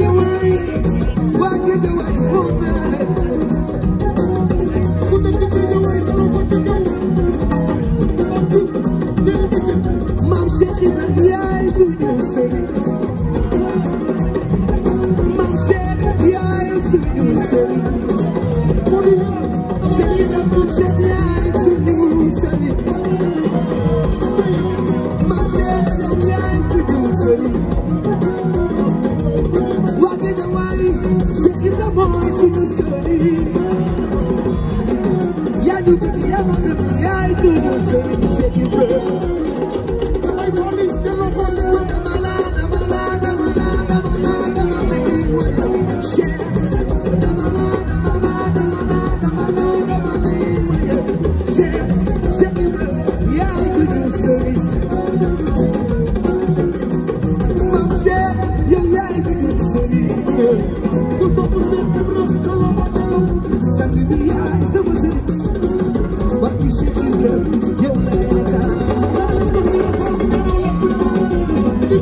Géejawaay waa Géejawaay you to the end of the night, you will say, shake it,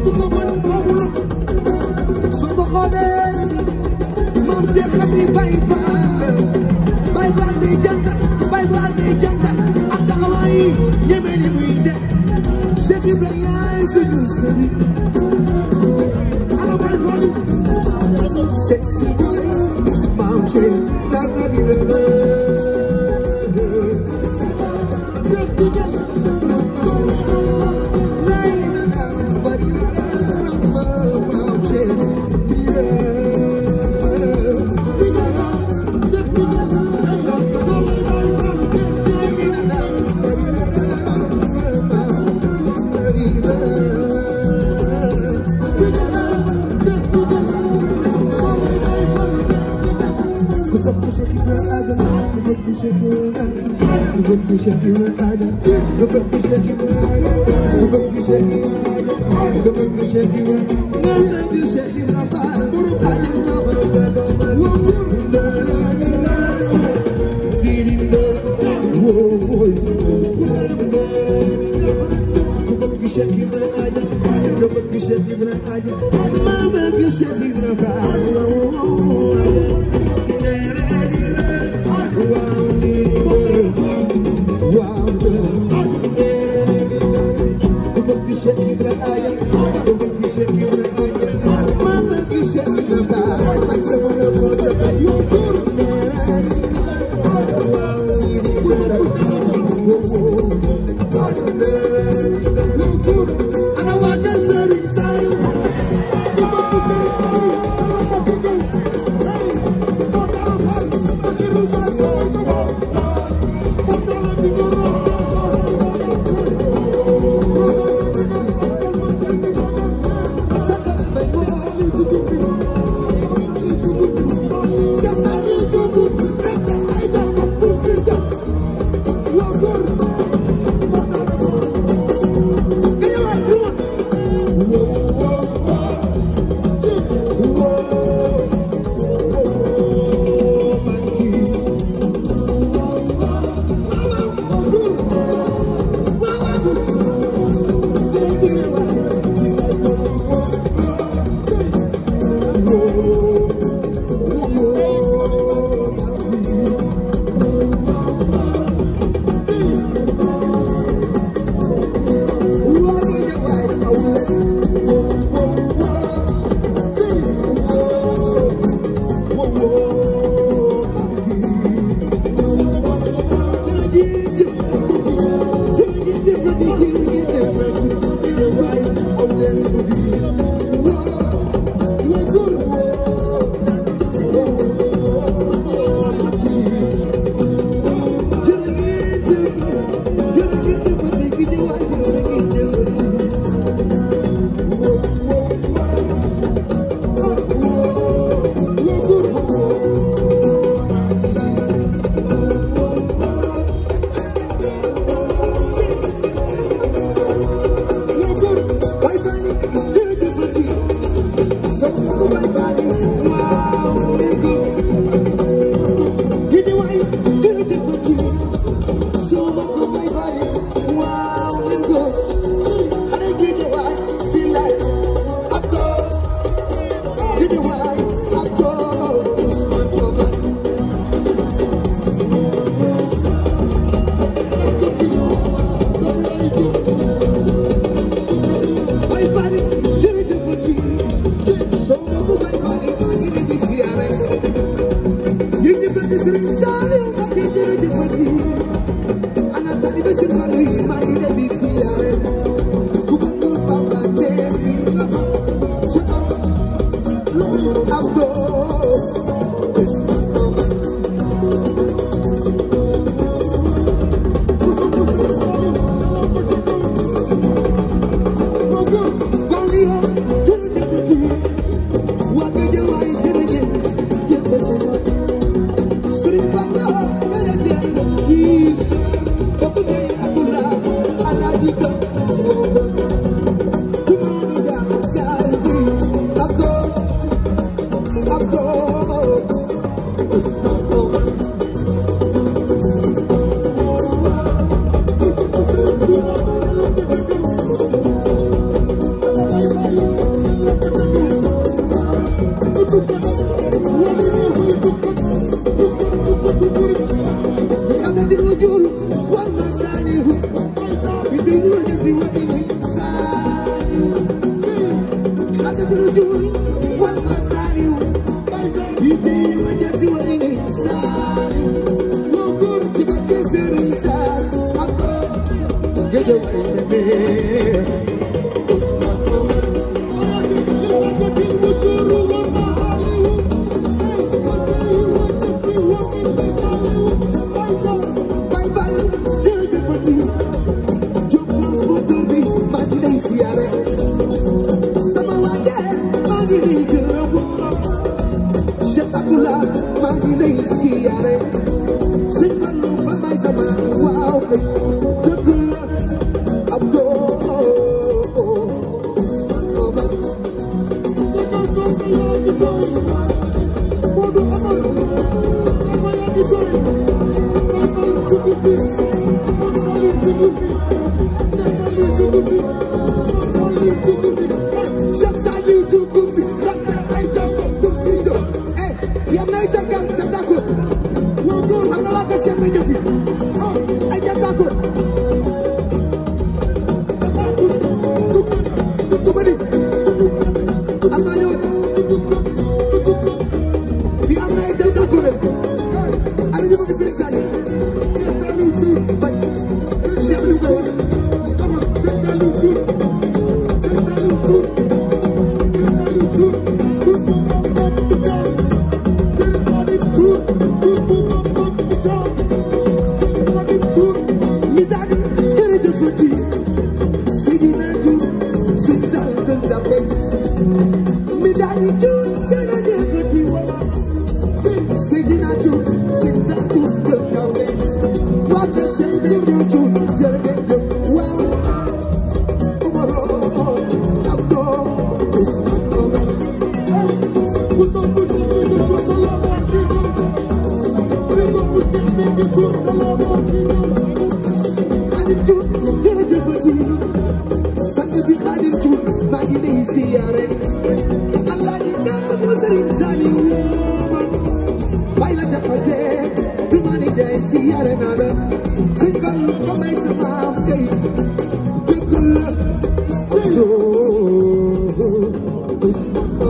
bu ma mën boobu la soo ko xoolee maam Cheikh xam ni bay faal bay faal day jàngal bay faal day jàngal ak taxawaay yi ñeme li muy def Cheikh شكلي حاجة قبلك شكلي حاجة قبلك شكلي حاجة قبلك شكلي قبلك شكلي رفع برقع قبلك شكلي حاجة قبلك شكلي حاجة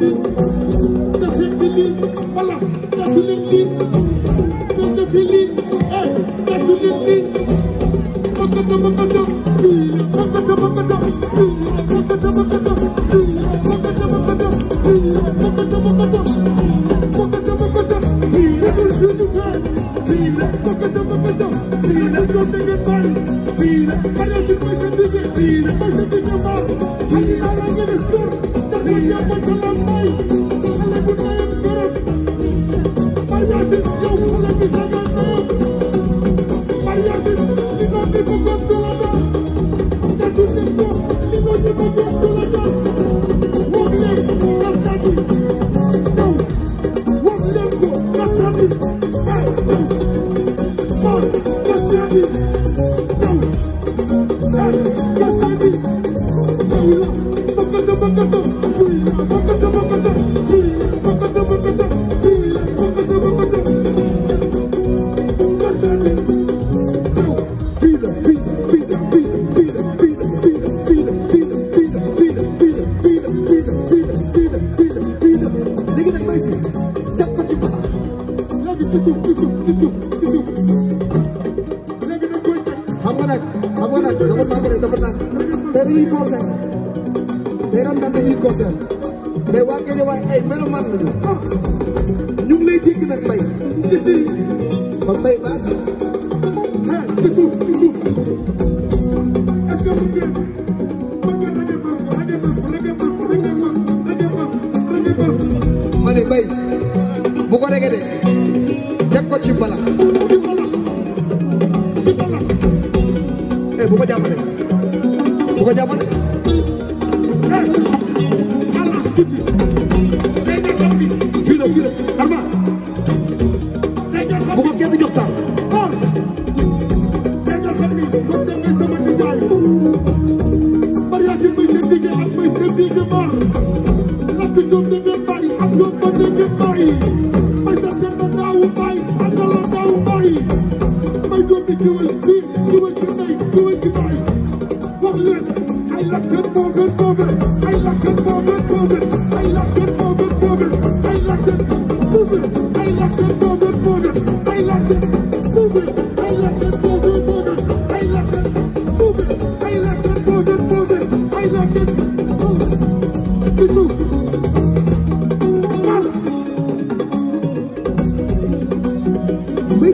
leen def leen di liir wala def leen liir Big Bird.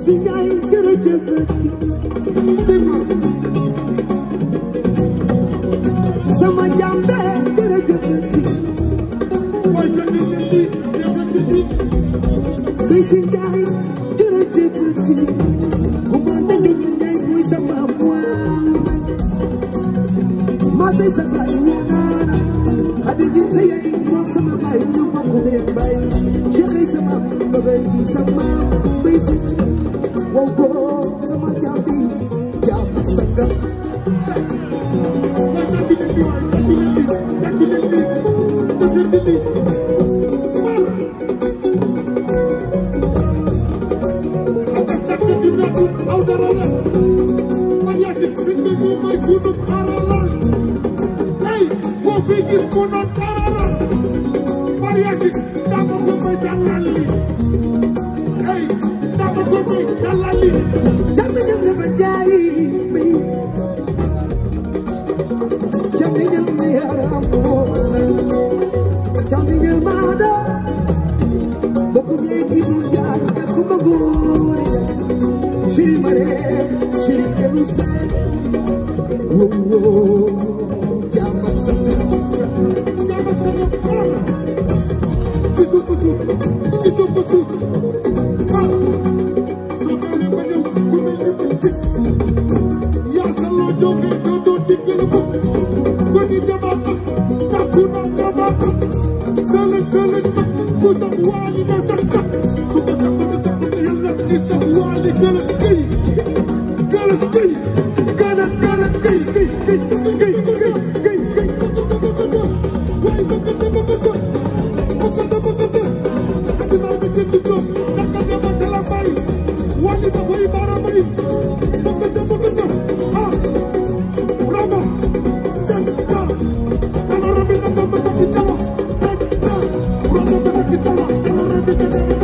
si ngay jërëjëfati ku na nga ma sëlëg sëlëg ku sa waali na sa thank you